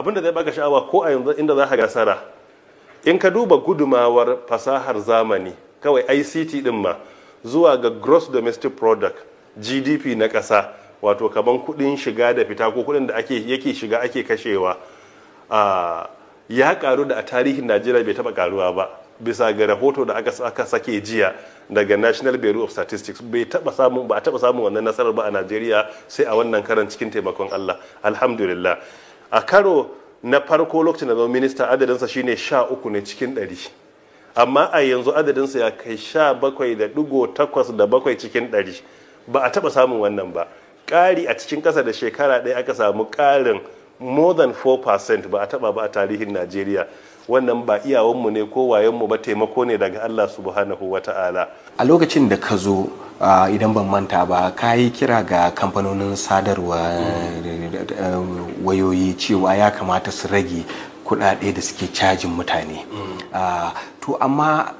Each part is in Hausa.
abin da zai baka sha'awa ko a yanzu inda za ka gasara in ka duba gudumawar fasahar zamani kawai ict din ma zuwa ga gross domestic product gdp na ƙasa wato kaman kuɗin shiga da fita ko kuɗin da ake yake shiga ake kashewa ya karu da a tarihin najeriya bai taba karuwa ba bisa ga rahoto da aka sake jiya daga national bureau of statistics bai taba samun ba a taba samun wannan nasarar ba a najeriya sai a wannan karan cikin taimakon allah alhamdulillah a karo na farko lokacin da zama minista adadinsa shine sha uku ne cikin ɗari amma a yanzu adadinsa ya kai sha bakwai da ɗigo takwas da bakwai cikin ɗari ba a taɓa samun wannan ba ƙari a cikin ƙasa da shekara ɗaya aka samu ƙarin more than 4% ba a taɓa ba a tarihin najeriya wannan ba iyawanmu ne ko wayanmu ba taimako ne daga allah subhanahu wa ta'ala a lokacin da ka zo Ah, idan ban manta ba ka yi kira ga kamfanonin sadarwa eh, wayoyi cewa ya kamata su rage kudade da suke cajin mutane mm. ah, to amma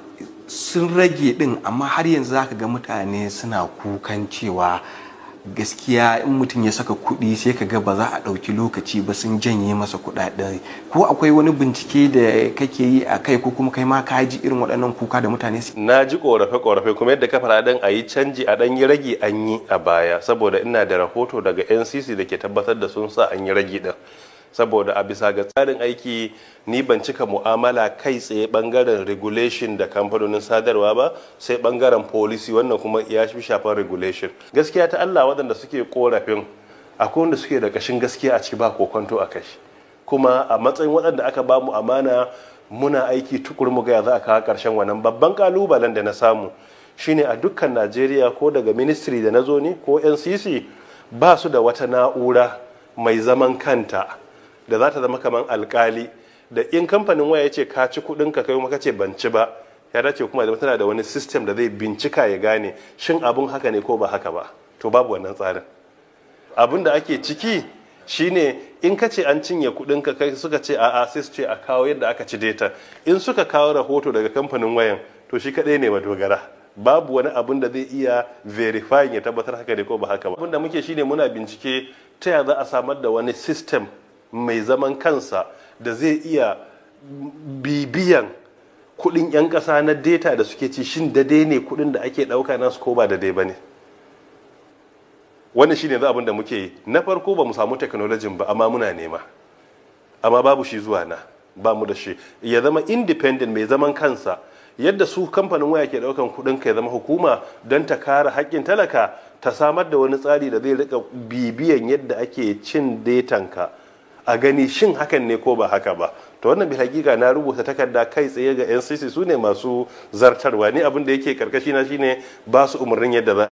sun rage din amma har yanzu zaka ga mutane suna kukan cewa gaskiya in mutum ya saka kuɗi sai ka ga ba za a ɗauki lokaci ba sun janye masa kuɗaɗe ko akwai wani bincike da kake yi a kai ko kuma kai ma ka ji irin waɗannan kuka da mutane su na ji ƙorafe ƙorafe kuma yadda ka faɗa dan a yi canji a ɗan yi ragi an yi a baya saboda ina da rahoto daga ncc da ke tabbatar da sun sa an yi ragi ɗin saboda a bisa ga tsarin aiki ni ban cika mu'amala kai tsaye bangaren regulation da kamfanonin sadarwa ba sai bangaren policy wannan kuma ya fi shafan regulation gaskiya ta Allah waɗanda suke korafin akwai wanda suke da kashin gaskiya a ciki ba kokonto a kai kuma a matsayin waɗanda aka ba mu amana muna aiki tukuru mu ga za a kawo ƙarshen wannan babban kalubalen da na samu shine a dukkan Najeriya ko daga ministry da na zo ne ko NCC ba su da wata na'ura mai zaman kanta da za ta zama kamar alkali da in kamfanin waya ya ce ka ci kuɗin ka kai kuma ka ce ban ci ba ya dace kuma da tana da wani system da zai bincika ya gane shin abun haka ne ko ba haka ba to babu wannan tsarin Abun da ake ciki shine in ka ce an cinye kuɗin ka kai suka ce a sai su ce a kawo yadda aka ci data in suka kawo rahoto daga kamfanin wayan to shi kaɗai ne madogara babu wani abun da zai iya verifying ya tabbatar haka ne ko ba haka ba Abun da muke shine muna bincike ta ya za a samar da wani system mai zaman kansa da zai iya bibiyan kudin 'yan ƙasa na data da suke ci shin dai ne kudin da ake ɗauka nasu ko ba da dai ba ne wannan shine yanzu abin da muke yi na farko ba mu samu teknolojin ba amma muna nema amma babu shi zuwa na ba mu da shi ya zama independent mai zaman kansa yadda su kamfanin waya ke daukan kudin ka ya zama hukuma don ta kare haƙƙin talaka ta samar da wani tsari da zai rika bibiyan yadda ake cin detanka a gani shin hakan ne ko ba haka ba to wannan bi hakika na rubuta takarda kai tsaye ga ncc su ne masu zartarwa ni abin da yake karkashi na shine ba su umarnin yadda ba.